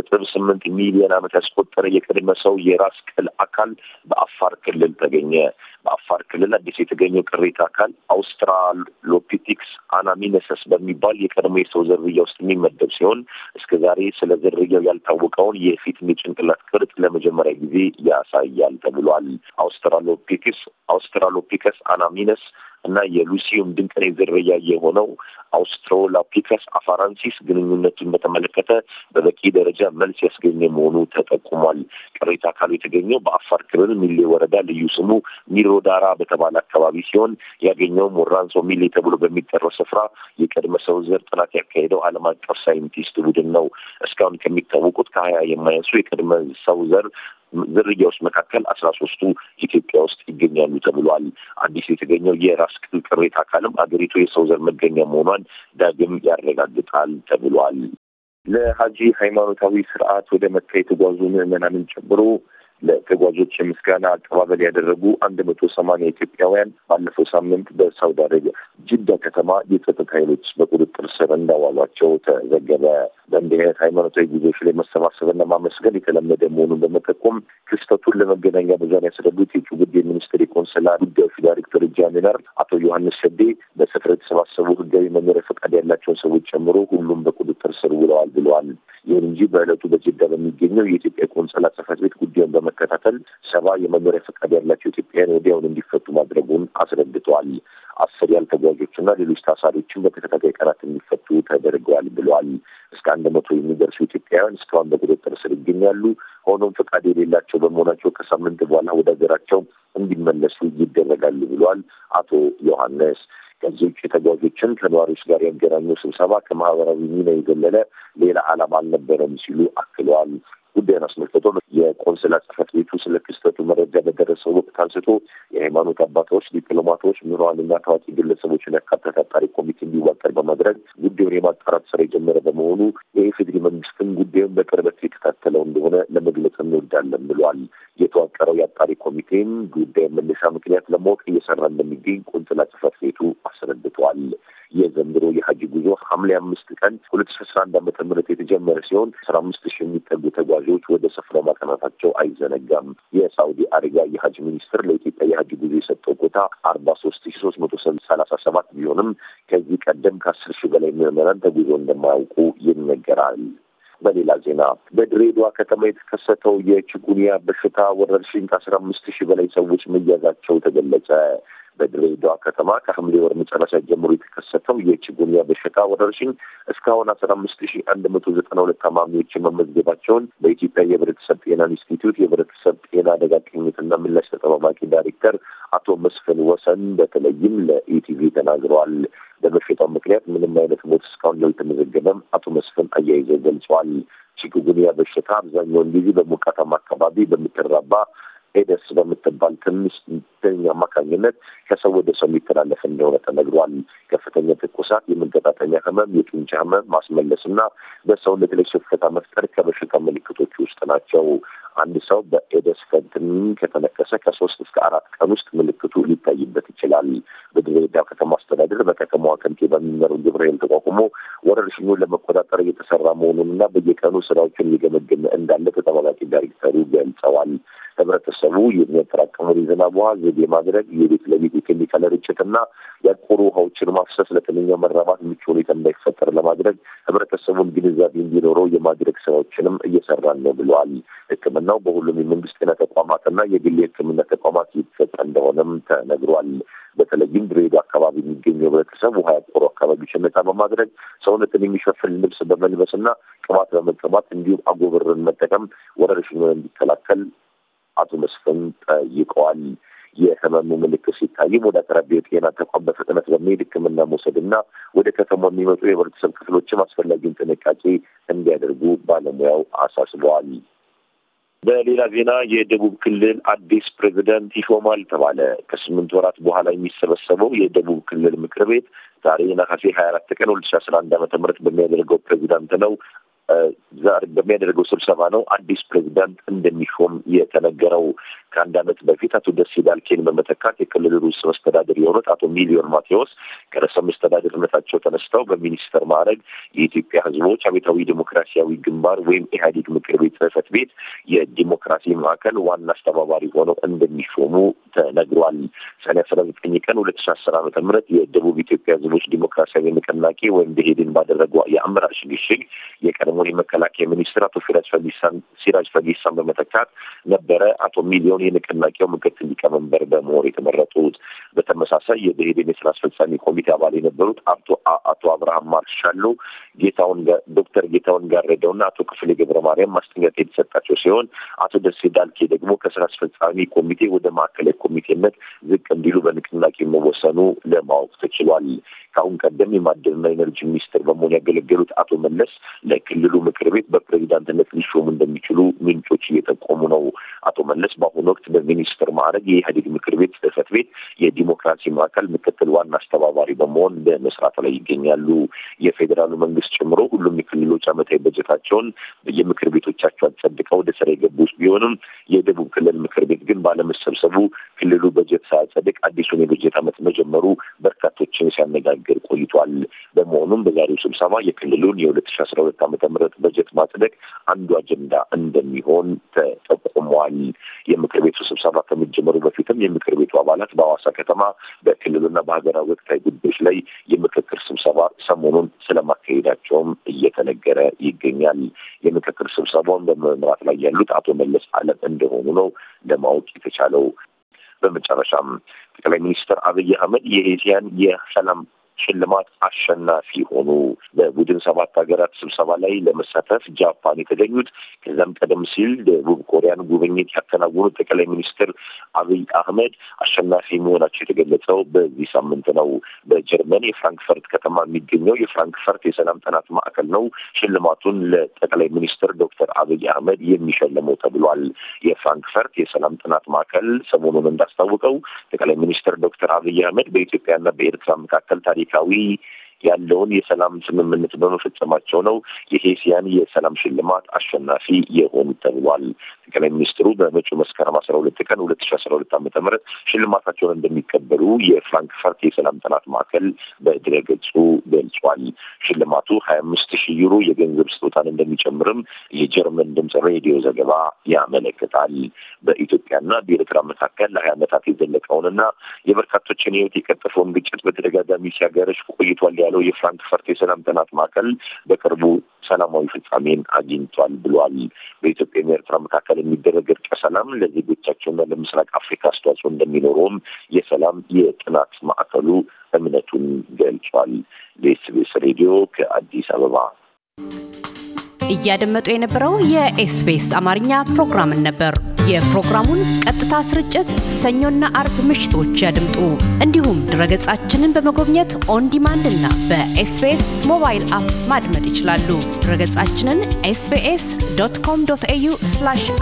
ነጥብ ስምንት ሚሊዮን ዓመት ያስቆጠረ የቅድመ ሰው የራስ ቅል አካል በአፋር ክልል ተገኘ። በአፋር ክልል አዲስ የተገኘው ቅሪተ አካል አውስትራሎፒቲክስ አናሚነሰስ በሚባል የቀድሞ የሰው ዝርያ ውስጥ የሚመደብ ሲሆን እስከ ዛሬ ስለ ዝርያው ያልታወቀውን የፊት የጭንቅላት ቅርጽ ለመጀመሪያ ጊዜ ያሳያል ተብሏል። አውስትራሎፒክስ አውስትራሎፒከስ አናሚነስ እና የሉሲዩም ድንቅ ዝርያ የሆነው አውስትሮላፒከስ አፋራንሲስ ግንኙነቱን በተመለከተ በበቂ ደረጃ መልስ ያስገኘ መሆኑ ተጠቁሟል። ቅሪተ አካሉ የተገኘው በአፋር ክልል ሚሌ ወረዳ ልዩ ስሙ ሚሮዳራ በተባለ አካባቢ ሲሆን ያገኘውም ወራንሶ ሚሌ ተብሎ በሚጠራው ስፍራ የቅድመ ሰው ዘር ጥናት ያካሄደው ዓለም አቀፍ ሳይንቲስት ቡድን ነው። እስካሁን ከሚታወቁት ከሀያ የማያንሱ የቅድመ ሰው ዘር ዝርያዎች መካከል አስራ ሶስቱ ኢትዮጵያ ውስጥ ይገኛሉ ተብሏል። አዲስ የተገኘው የራስ ቅል ቅሪተ አካልም አገሪቱ የሰው ዘር መገኛ መሆኗን ዳግም ያረጋግጣል ተብሏል። ለሀጂ ሃይማኖታዊ ስርዓት ወደ መካ የተጓዙ ምዕመናንን ጨምሮ ለተጓዦች የምስጋና አቀባበል ያደረጉ አንድ መቶ ሰማኒያ ኢትዮጵያውያን ባለፈው ሳምንት በሳውዲ አረቢያ ጅዳ ከተማ የጸጥታ ኃይሎች በቁጥጥር ስር እንዳዋሏቸው ተዘገበ። በእንዲህ አይነት ሃይማኖታዊ ጉዞዎች ላይ መሰባሰብና ማመስገን የተለመደ መሆኑን በመጠቆም ክስተቱን ለመገናኛ ብዙኃን ያስረዱት የውጭ ጉዳይ ሚኒስቴር የቆንስላ ጉዳዮች ዳይሬክተር ጀነራል አቶ ዮሐንስ ሸዴ በስፍራ የተሰባሰቡ ህጋዊ መኖሪያ ፈቃድ ያላቸውን ሰዎች ጨምሮ ሁሉም በቁጥጥር ስር ውለዋል ብለዋል። ይሁን እንጂ በእለቱ በጅዳ በሚገኘው የኢትዮጵያ ቆንስላ ጽህፈት ቤት ጉዳዩን በመከታተል ሰባ የመኖሪያ ፈቃድ ያላቸው ኢትዮጵያውያን ወዲያውን እንዲፈቱ ማድረጉን አስረድተዋል። አስር ያህል ተጓዦችና ሌሎች ታሳሪዎችን በተከታታይ ቀናት እንዲፈቱ ተደርገዋል ብለዋል። እስከ አንድ መቶ የሚደርሱ ኢትዮጵያውያን እስካሁን በቁጥጥር ስር ይገኛሉ። ሆኖም ፈቃድ የሌላቸው በመሆናቸው ከሳምንት በኋላ ወደ ሀገራቸው እንዲመለሱ ይደረጋሉ ብለዋል አቶ ዮሐንስ። ከዚህ ውጭ ተጓዦችን ከነዋሪዎች ጋር የሚገናኘው ስብሰባ ከማህበራዊ ሚና የዘለለ ሌላ ዓላማ አልነበረም ሲሉ አክለዋል። ጉዳዩን አስመልክቶ የቆንስላ ጽህፈት ቤቱ ስለ ክስተቱ መረጃ በደረሰው ወቅት አንስቶ የሃይማኖት አባታዎች፣ ዲፕሎማቶች፣ ምሁራንና ታዋቂ ግለሰቦችን ያካተተ አጣሪ ኮሚቴ እንዲዋቀር በማድረግ ጉዳዩን የማጣራት ስራ የጀመረ በመሆኑ የኢፌዴሪ መንግስትም ጉዳዩን በቅርበት የከታተለው እንደሆነ ለመግለጽ እንወዳለን ብሏል። የተዋቀረው የአጣሪ ኮሚቴም ጉዳዩን መነሻ ምክንያት ለማወቅ እየሰራ እንደሚገኝ ቆንስላ ጽፈት ቤቱ ተረድቷል። የዘንድሮ የሀጂ ጉዞ ሐምሌ አምስት ቀን ሁለት ሺ አስራ አንድ ዓመተ ምህረት የተጀመረ ሲሆን አስራ አምስት ሺ የሚጠጉ ተጓዦች ወደ ስፍራው ማቀናታቸው አይዘነጋም። የሳውዲ አረቢያ የሀጅ ሚኒስትር ለኢትዮጵያ የሀጅ ጉዞ የሰጠው ኮታ አርባ ሶስት ሺ ሶስት መቶ ሰላሳ ሰባት ቢሆንም ከዚህ ቀደም ከአስር ሺ በላይ ምዕመናን ተጉዞ እንደማያውቁ ይነገራል። በሌላ ዜና በድሬዳዋ ከተማ የተከሰተው የችጉንያ በሽታ ወረርሽኝ ከአስራ አምስት ሺህ በላይ ሰዎች መያዛቸው ተገለጸ። በድሬዳዋ ከተማ ከሐምሌ ወር መጨረሻ ጀምሮ የተከሰተው የቺኩንጉንያ በሽታ ወረርሽኝ እስካሁን አስራ አምስት ሺ አንድ መቶ ዘጠና ሁለት ታማሚዎችን መመዝገባቸውን በኢትዮጵያ የህብረተሰብ ጤና ኢንስቲትዩት የህብረተሰብ ጤና አደጋ ቅኝትና ምላሽ ተጠባባቂ ዳይሬክተር አቶ መስፍን ወሰን በተለይም ለኢቲቪ ተናግረዋል። በበሽታው ምክንያት ምንም አይነት ሞት እስካሁን ያልተመዘገበም አቶ መስፍን አያይዘው ገልጸዋል። ቺኩንጉንያ በሽታ አብዛኛውን ጊዜ በሞቃታማ አካባቢ በምትራባ ኤደስ በምትባል ትንሽ ደኛ አማካኝነት ከሰው ወደ ሰው የሚተላለፍ እንደሆነ ተነግሯል። ከፍተኛ ትኩሳት፣ የመገጣጠሚያ ህመም፣ የጡንቻ ህመም፣ ማስመለስ እና በሰውነት ላይ ሽፍታ መፍጠር ከበሽታ ምልክቶች ውስጥ ናቸው። አንድ ሰው በኤደስ ፈንትን ከተነከሰ ከሶስት እስከ አራት ቀን ውስጥ ምልክቱ ሊታይበት ይችላል። በድሬዳዋ ከተማ አስተዳደር በከተማዋ ከንቲባ በሚመሩ ግብረ ተቋቁሞ ወረርሽኙን ለመቆጣጠር እየተሰራ መሆኑን በየቀኑ ስራዎችን እየገመገመ እንዳለ ተጠባባቂ ዳይሬክተሩ ገልጸዋል። ህብረተሰቡ የሚያጠራቀሙ የዝናብ ውሃ ዘዴ ማድረግ፣ የቤት ለቤት የኬሚካል ርጭት ርጭትና ያቆሩ ውሃዎችን ማፍሰስ ለትንኛ መራባት ምቹ ሁኔታ እንዳይፈጠር ለማድረግ ህብረተሰቡን ግንዛቤ እንዲኖረው የማድረግ ስራዎችንም እየሰራን ነው ብለዋል። ህክምናው በሁሉም የመንግስት ጤና ተቋማትና የግል የህክምና ተቋማት እየተሰጠ እንደሆነም ተነግሯል። በተለይም ድሬዳዋ አካባቢ የሚገኘው ህብረተሰብ ውሃ ያቆሩ አካባቢዎችን ነጻ በማድረግ ሰውነትን የሚሸፍን ልብስ በመልበስና ቅባት በመቀባት እንዲሁም አጎበርን መጠቀም ወረርሽኙን እንዲከላከል አቶ መስፍን ጠይቀዋል። የህመሙ ምልክት ሲታይም ወደ አቅራቢያው ጤና ተቋም በፍጥነት በመሄድ ሕክምና መውሰድና ወደ ከተማው የሚመጡ የህብረተሰብ ክፍሎችም አስፈላጊውን ጥንቃቄ እንዲያደርጉ ባለሙያው አሳስበዋል። በሌላ ዜና የደቡብ ክልል አዲስ ፕሬዚደንት ይሾማል ተባለ። ከስምንት ወራት በኋላ የሚሰበሰበው የደቡብ ክልል ምክር ቤት ዛሬ ነሐሴ ሀያ አራት ቀን ሁለት ሺ አስራ አንድ ዓመተ ምህረት በሚያደርገው ፕሬዚዳንት ነው በሚያደርገው ስብሰባ ነው አዲስ ፕሬዚዳንት እንደሚሾም የተነገረው። ከአንድ ዓመት በፊት አቶ ደሴ ዳልኬን በመተካት የክልል ርዕሰ መስተዳድር የሆኑት አቶ ሚሊዮን ማቴዎስ ከርዕሰ መስተዳድርነታቸው ተነስተው በሚኒስተር ማዕረግ የኢትዮጵያ ሕዝቦች አብዮታዊ ዲሞክራሲያዊ ግንባር ወይም ኢህአዴግ ምክር ቤት ጽህፈት ቤት የዲሞክራሲ ማዕከል ዋና አስተባባሪ ሆነው እንደሚሾሙ ተነግሯል። ሰኔ አስራ ዘጠኝ ቀን ሁለት ሺ አስር ዓመተ ምህረት የደቡብ ኢትዮጵያ ሕዝቦች ዲሞክራሲያዊ ንቅናቄ ወይም ብሄድን ባደረጉ የአመራር ሽግሽግ የቀድሞ የመከላከያ ሚኒስ ምስራቶ ሲራጅ ፈጊሳን በመተካት ነበረ አቶ ሚሊዮን የንቅናቄው ምክትል ሊቀመንበር በመሆን የተመረጡት። በተመሳሳይ የብሄድ የስራ አስፈጻሚ ኮሚቴ አባል የነበሩት አቶ አቶ አብርሃም ማርሻሎ ጌታውን ዶክተር ጌታውን ጋረደውና አቶ ክፍሌ ገብረ ማርያም ማስጠንቀቂያ የተሰጣቸው ሲሆን አቶ ደሴ ዳልኬ ደግሞ ከስራ አስፈጻሚ ኮሚቴ ወደ ማዕከላዊ ኮሚቴነት ዝቅ እንዲሉ በንቅናቄ መወሰኑ ለማወቅ ተችሏል። ከአሁን ቀደም የማዕድንና ኤነርጂ ሚኒስትር በመሆን ያገለገሉት አቶ መለስ ለክልሉ ምክር ቤት በፕሬዚዳንትነት ሊሾሙ እንደሚችሉ ምንጮች እየጠቆሙ ነው። አቶ መለስ በአሁኑ ወቅት በሚኒስትር ማዕረግ የኢህአዴግ የዲሞክራሲ ማዕከል ምክትል ዋና አስተባባሪ በመሆን በመስራት ላይ ይገኛሉ። የፌዴራሉ መንግስት ጨምሮ ሁሉም የክልሎች ዓመታዊ በጀታቸውን የምክር ቤቶቻቸው አጸድቀው ወደ ስራ የገቡ ቢሆንም የደቡብ ክልል ምክር ቤት ግን ባለመሰብሰቡ ክልሉ በጀት ሳያጸድቅ አዲሱን የበጀት ዓመት መጀመሩ በርካቶችን ሲያነጋግር ቆይቷል። በመሆኑም በዛሬው ስብሰባ የክልሉን የሁለት ሺ አስራ ሁለት ዓመተ ምህረት በጀት ማጽደቅ አንዱ አጀንዳ እንደሚሆን ተጠቁሟል። የምክር ቤቱ ስብሰባ ከመጀመሩ በተመለከተም የምክር ቤቱ አባላት በሐዋሳ ከተማ በክልሉና በሀገራዊ ወቅታዊ ጉዳዮች ላይ የምክክር ስብሰባ ሰሞኑን ስለማካሄዳቸውም እየተነገረ ይገኛል። የምክክር ስብሰባውን በመምራት ላይ ያሉት አቶ መለስ አለም እንደሆኑ ነው ለማወቅ የተቻለው። በመጨረሻም ጠቅላይ ሚኒስትር አብይ አህመድ የኤዚያን የሰላም ሽልማት አሸናፊ ሆኑ። በቡድን ሰባት ሀገራት ስብሰባ ላይ ለመሳተፍ ጃፓን የተገኙት ከዚያም ቀደም ሲል ደቡብ ኮሪያን ጉብኝት ያከናወኑት ጠቅላይ ሚኒስትር አብይ አህመድ አሸናፊ መሆናቸው የተገለጸው በዚህ ሳምንት ነው። በጀርመን የፍራንክፈርት ከተማ የሚገኘው የፍራንክፈርት የሰላም ጥናት ማዕከል ነው ሽልማቱን ለጠቅላይ ሚኒስትር ዶክተር አብይ አህመድ የሚሸልመው ተብሏል። የፍራንክፈርት የሰላም ጥናት ማዕከል ሰሞኑን እንዳስታወቀው ጠቅላይ ሚኒስትር ዶክተር አብይ አህመድ በኢትዮጵያና በኤርትራ መካከል ታሪክ ታሪካዊ ያለውን የሰላም ስምምነት በመፈጸማቸው ነው የሄሲያን የሰላም ሽልማት አሸናፊ የሆኑ ተብሏል። ጠቅላይ ሚኒስትሩ በመጪው መስከረም አስራ ሁለት ቀን ሁለት ሺ አስራ ሁለት ዓመተ ምህረት ሽልማታቸውን እንደሚቀበሉ የፍራንክፈርት የሰላም ጥናት ማዕከል በድረ ገጹ ገልጿል። ሽልማቱ ሀያ አምስት ሺ ዩሮ የገንዘብ ስጦታን እንደሚጨምርም የጀርመን ድምጽ ሬዲዮ ዘገባ ያመለክታል። በኢትዮጵያና በኤርትራ መካከል ለሀያ ዓመታት የዘለቀውንና የበርካቶችን ህይወት የቀጠፈውን ግጭት በተደጋጋሚ ሲያገረሽ ቆይቷል ያለው የፍራንክፈርት የሰላም ጥናት ማዕከል በቅርቡ ሰላማዊ ፍጻሜን አግኝቷል ብሏል። በኢትዮጵያና ኤርትራ መካከል የሚደረግ እርቀ ሰላም ለዜጎቻቸውና ለምስራቅ አፍሪካ አስተዋጽኦ እንደሚኖረውም የሰላም የጥናት ማዕከሉ እምነቱን ገልጿል። ለኤስቤስ ሬዲዮ ከአዲስ አበባ እያደመጡ የነበረው የኤስቤስ አማርኛ ፕሮግራምን ነበር። የፕሮግራሙን ቀጥታ ስርጭት ሰኞና አርብ ምሽቶች ያድምጡ። እንዲሁም ድረገጻችንን በመጎብኘት ኦን ዲማንድ እና በኤስቢኤስ ሞባይል አፕ ማድመጥ ይችላሉ። ድረገጻችንን ኤስቢኤስ ዶት ኮም ዶት ኤዩ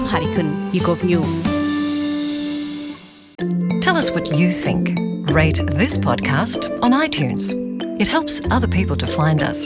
አምሃሪክን ይጎብኙ። Tell us what you think. Rate this podcast on iTunes. It helps other people to find us.